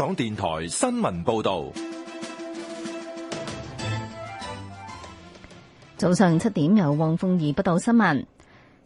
港電台新聞報道：早上七點，由黃鳳儀報道新聞。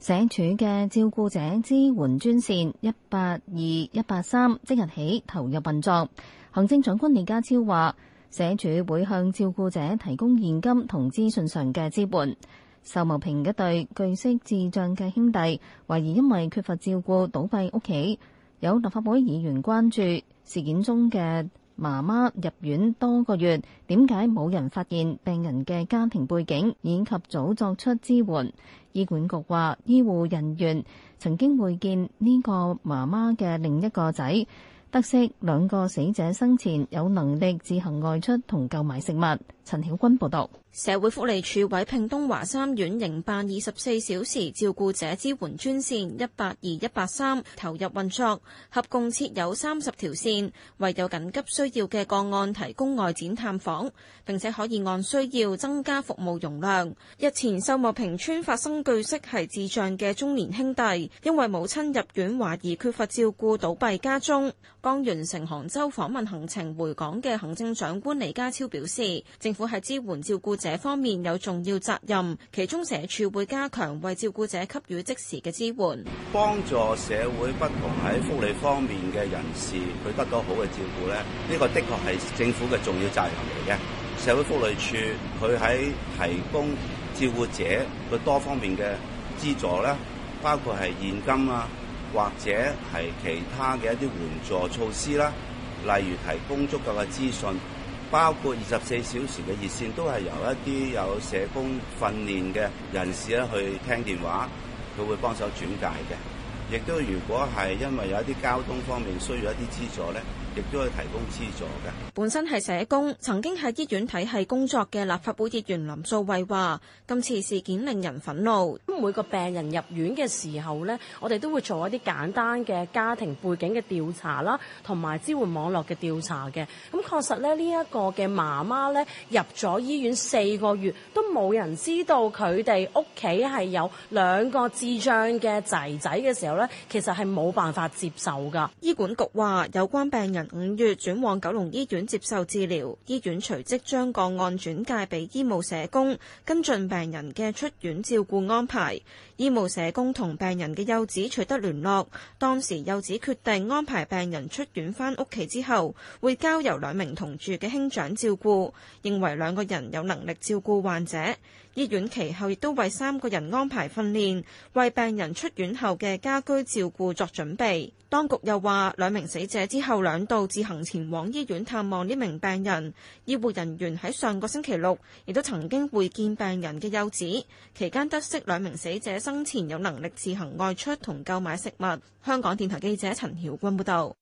社署嘅照顧者支援專線一八二一八三即日起投入運作。行政長官李家超話，社署會向照顧者提供現金同資訊上嘅支援。秀茂坪一對據悉智障嘅兄弟懷疑，因為缺乏照顧倒閉屋企，有立法會議員關注。事件中嘅媽媽入院多個月，點解冇人發現病人嘅家庭背景，以及早作出支援？醫管局話，醫護人員曾經會見呢個媽媽嘅另一個仔，得悉兩個死者生前有能力自行外出同購買食物。陳曉君報道，社會福利署委聘東華三院營辦二十四小時照顧者支援專線一八二一八三投入運作，合共設有三十條線，為有緊急需要嘅個案提供外展探訪，並且可以按需要增加服務容量。日前，秀茂坪村發生據悉係智障嘅中年兄弟，因為母親入院，懷疑缺乏照顧倒斃家中。剛完成杭州訪問行程回港嘅行政長官李家超表示，政府喺支援照顧者方面有重要責任，其中社署會加強為照顧者給予即時嘅支援，幫助社會不同喺福利方面嘅人士佢得到好嘅照顧咧。呢個的確係政府嘅重要責任嚟嘅。社會福利署佢喺提供照顧者佢多方面嘅資助啦，包括係現金啊，或者係其他嘅一啲援助措施啦，例如提供足夠嘅資訊。包括二十四小時嘅熱線都係由一啲有社工訓練嘅人士咧去聽電話，佢會幫手轉介嘅。亦都如果係因為有一啲交通方面需要一啲資助咧，亦都可以提供資助嘅。本身係社工，曾經喺醫院體係工作嘅立法會議員林素慧話今次事件令人憤怒。咁每個病人入院嘅時候咧，我哋都會做一啲簡單嘅家庭背景嘅調查啦，同埋支援網絡嘅調查嘅。咁確實咧，呢一個嘅媽媽咧入咗醫院四個月，都冇人知道佢哋屋企係有兩個智障嘅仔仔嘅時候。其實係冇辦法接受㗎。醫管局話，有關病人五月轉往九龍醫院接受治療，醫院隨即將個案轉介畀醫務社工，跟進病人嘅出院照顧安排。醫務社工同病人嘅幼子取得聯絡，當時幼子決定安排病人出院返屋企之後，會交由兩名同住嘅兄長照顧，認為兩個人有能力照顧患者。醫院其後亦都為三個人安排訓練，為病人出院後嘅家居照顧作準備。當局又話，兩名死者之後兩度自行前往醫院探望呢名病人，醫護人員喺上個星期六亦都曾經會見病人嘅幼子，期間得悉兩名死者生前有能力自行外出同購買食物。香港電台記者陳曉君報導。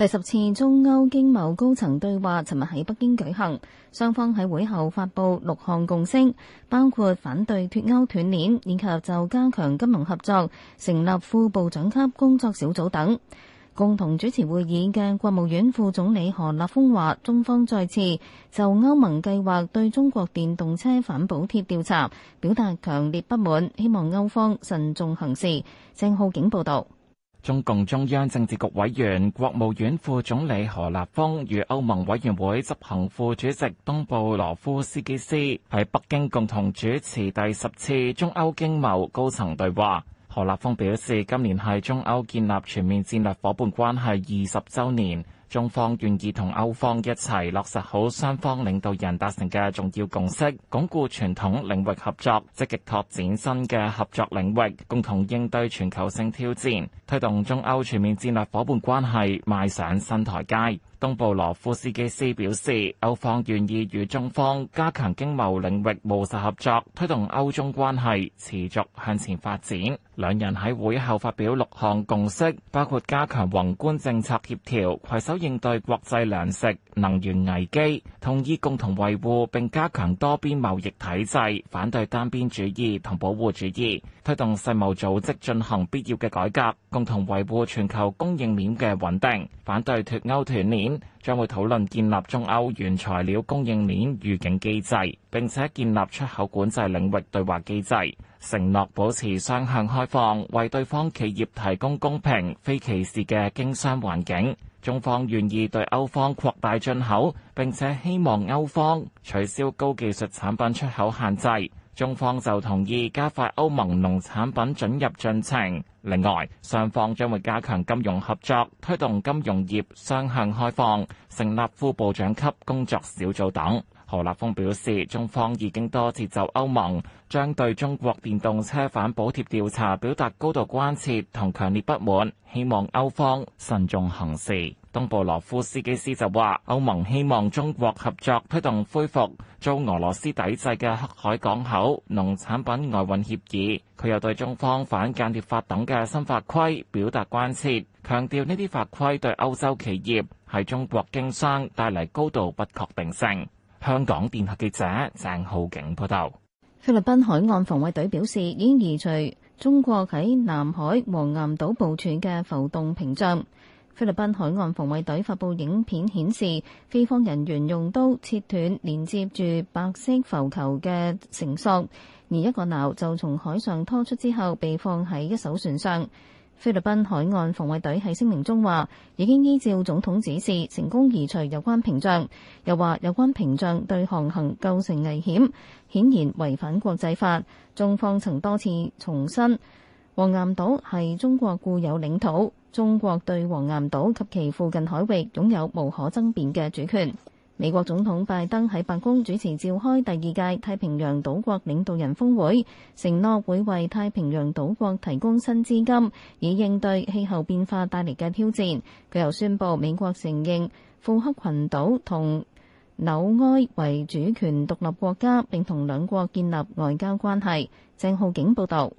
第十次中歐經貿高層對話，尋日喺北京舉行，雙方喺會後發布六項共識，包括反對脱歐斷鏈，以及就加強金融合作、成立副部長級工作小組等。共同主持會議嘅國務院副總理何立峰話，中方再次就歐盟計劃對中國電動車反補貼調查表達強烈不滿，希望歐方慎重行事。鄭浩景報道。中共中央政治局委員、國務院副總理何立峰與歐盟委員會執行副主席東布羅夫斯基斯喺北京共同主持第十次中歐經貿高層對話。何立峰表示，今年係中歐建立全面戰略伙伴關係二十周年。中方願意同歐方一齊落實好雙方領導人達成嘅重要共識，鞏固傳統領域合作，積極拓展新嘅合作領域，共同應對全球性挑戰，推動中歐全面戰略伙伴關係邁上新台階。東布羅夫斯基斯表示，歐方願意與中方加強經貿領域務實合作，推動歐中關係持續向前發展。兩人喺會後發表六項共識，包括加強宏觀政策協調，攜手應對國際糧食能源危機，同意共同維護並加強多邊貿易體制，反對單邊主義同保護主義。推動世貿組織進行必要嘅改革，共同維護全球供應鏈嘅穩定，反對脫歐團鏈，將會討論建立中歐原材料供應鏈預警機制，並且建立出口管制領域對話機制，承諾保持雙向開放，為對方企業提供公平、非歧視嘅經商環境。中方願意對歐方擴大進口，並且希望歐方取消高技術產品出口限制。中方就同意加快歐盟農產品准入進程。另外，雙方將會加強金融合作，推動金融業雙向開放，成立副部長級工作小組等。何立峰表示，中方已經多次就歐盟將對中國電動車反補貼調查表達高度關切同強烈不滿，希望歐方慎重行事。東布羅夫斯基斯就話歐盟希望中國合作推動恢復遭俄羅斯抵制嘅黑海港口農產品外運協議，佢又對中方反間諜法等嘅新法規表達關切，強調呢啲法規對歐洲企業，喺中國經商帶嚟高度不確定性。香港電台記者鄭浩景報道：菲律賓海岸防衛隊表示，已經移除中國喺南海黃岩島部署嘅浮動屏障。菲律賓海岸防衛隊發布影片顯示，菲方人員用刀切斷連接住白色浮球嘅繩索，而一個錨就從海上拖出之後，被放喺一艘船上。菲律賓海岸防衛隊喺聲明中話，已經依照總統指示成功移除有關屏障，又話有關屏障對航行構成危險，顯然違反國際法。中方曾多次重申，黃岩島係中國固有領土，中國對黃岩島及其附近海域擁有無可爭辯嘅主權。美國總統拜登喺白宮主持召開第二屆太平洋島國領導人峰會，承諾會為太平洋島國提供新資金，以應對氣候變化帶嚟嘅挑戰。佢又宣布美國承認庫克群島同紐埃為主權獨立國家，並同兩國建立外交關係。鄭浩景報道。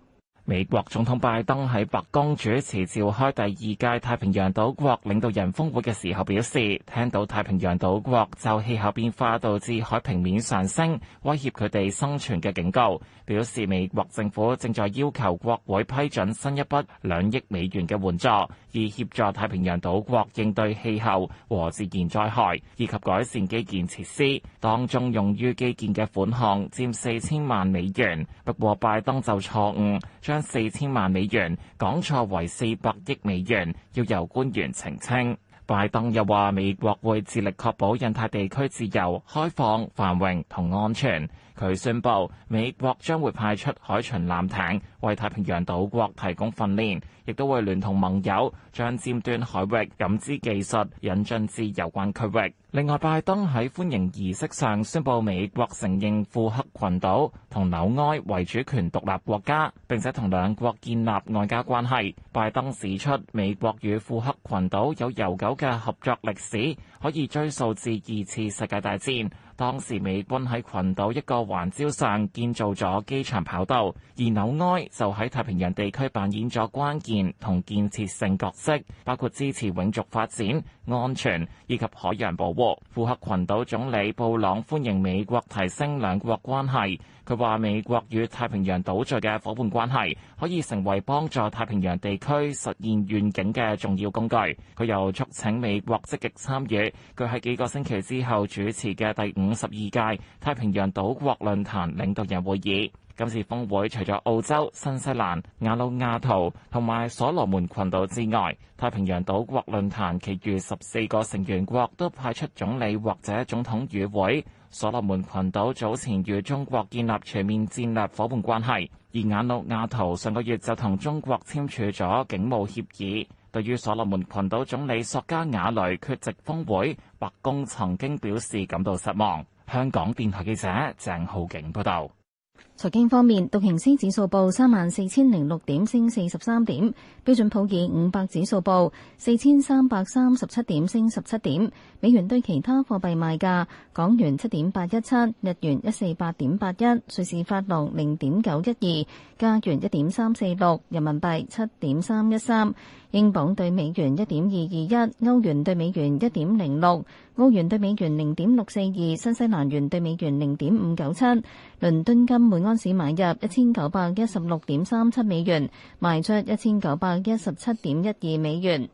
美國總統拜登喺白宮主持召開第二屆太平洋島國領導人峰會嘅時候表示，聽到太平洋島國就氣候變化導致海平面上升威脅佢哋生存嘅警告，表示美國政府正在要求國會批准新一筆兩億美元嘅援助，以協助太平洋島國應對氣候和自然災害，以及改善基建設施，當中用於基建嘅款項佔四千萬美元。不過拜登就錯誤將四千萬美元講錯為四百億美元，要由官員澄清。拜登又話美國會致力確保印太地區自由、開放、繁榮同安全。佢宣布美國將會派出海巡艦艇為太平洋島國提供訓練，亦都會聯同盟友將尖端海域感知技術引進至有關區域。另外，拜登喺歡迎儀式上宣布美國承認庫克群島同紐埃為主權獨立國家，並且同兩國建立外交關係，拜登指出，美國與庫克群島有悠久嘅合作歷史，可以追溯至二次世界大戰。當時美軍喺群島一個環礁上建造咗機場跑道，而紐埃就喺太平洋地區扮演咗關鍵同建設性角色，包括支持永續發展、安全以及海洋保護。庫克群島總理布朗歡迎美國提升兩國關係。佢話：美國與太平洋島嶼嘅夥伴關係可以成為幫助太平洋地區實現願景嘅重要工具。佢又促請美國積極參與佢喺幾個星期之後主持嘅第五十二屆太平洋島國論壇領導人會議。今次峯會除咗澳洲、新西蘭、瓦努阿圖同埋所羅門群島之外，太平洋島國論壇其餘十四個成員國都派出總理或者總統與會。所羅門群島早前與中國建立全面戰略伙伴關係，而瓦努亞圖上個月就同中國簽署咗警務協議。對於所羅門群島總理索加瓦雷缺席峰會，白宮曾經表示感到失望。香港電台記者鄭浩景報道。財經方面，道瓊斯指數報三萬四千零六點，升四十三點；標準普爾五百指數報四千三百三十七點，升十七點。美元對其他貨幣賣價：港元七點八一七，日元一四八點八一，瑞士法郎零點九一二，加元一點三四六，人民幣七點三一三，英鎊對美元一點二二一，歐元對美元一點零六，澳元對美元零點六四二，新西蘭元對美元零點五九七。倫敦金每安。市買入一千九百一十六點三七美元，賣出一千九百一十七點一二美元。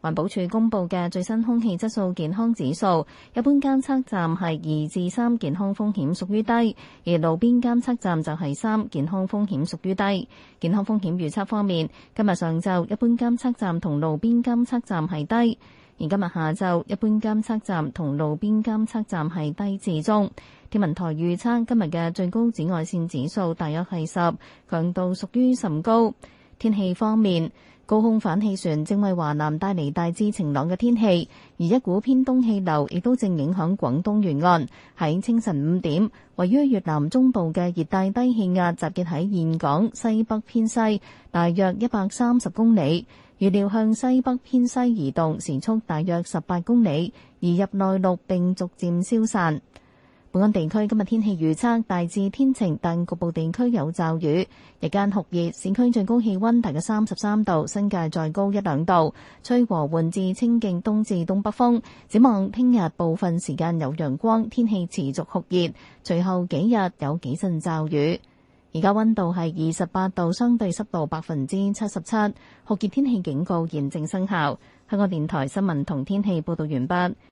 環保署公布嘅最新空氣質素健康指數，一般監測站係二至三，健康風險屬於低；而路邊監測站就係三，健康風險屬於低。健康風險預測方面，今日上晝一般監測站同路邊監測站係低。而今日下晝，一般監測站同路邊監測站係低至中。天文台預測今日嘅最高紫外線指數大約係十，強度屬於甚高。天氣方面。高空反氣旋正為華南帶嚟大致晴朗嘅天氣，而一股偏東氣流亦都正影響廣東沿岸。喺清晨五點，位於越南中部嘅熱帶低氣壓集結喺峴港西北偏西，大約一百三十公里，預料向西北偏西移動，時速大約十八公里，移入內陸並逐漸消散。本港地區今日天氣預測，大致天晴，但局部地區有驟雨。日間酷熱，市區最高氣溫大約三十三度，新界再高一兩度。吹和緩至清勁東至東北風。展望聽日部分時間有陽光，天氣持續酷熱。隨後幾日有幾陣驟雨。而家溫度係二十八度，相對濕度百分之七十七。酷熱天氣警告現正生效。香港電台新聞同天氣報道完畢。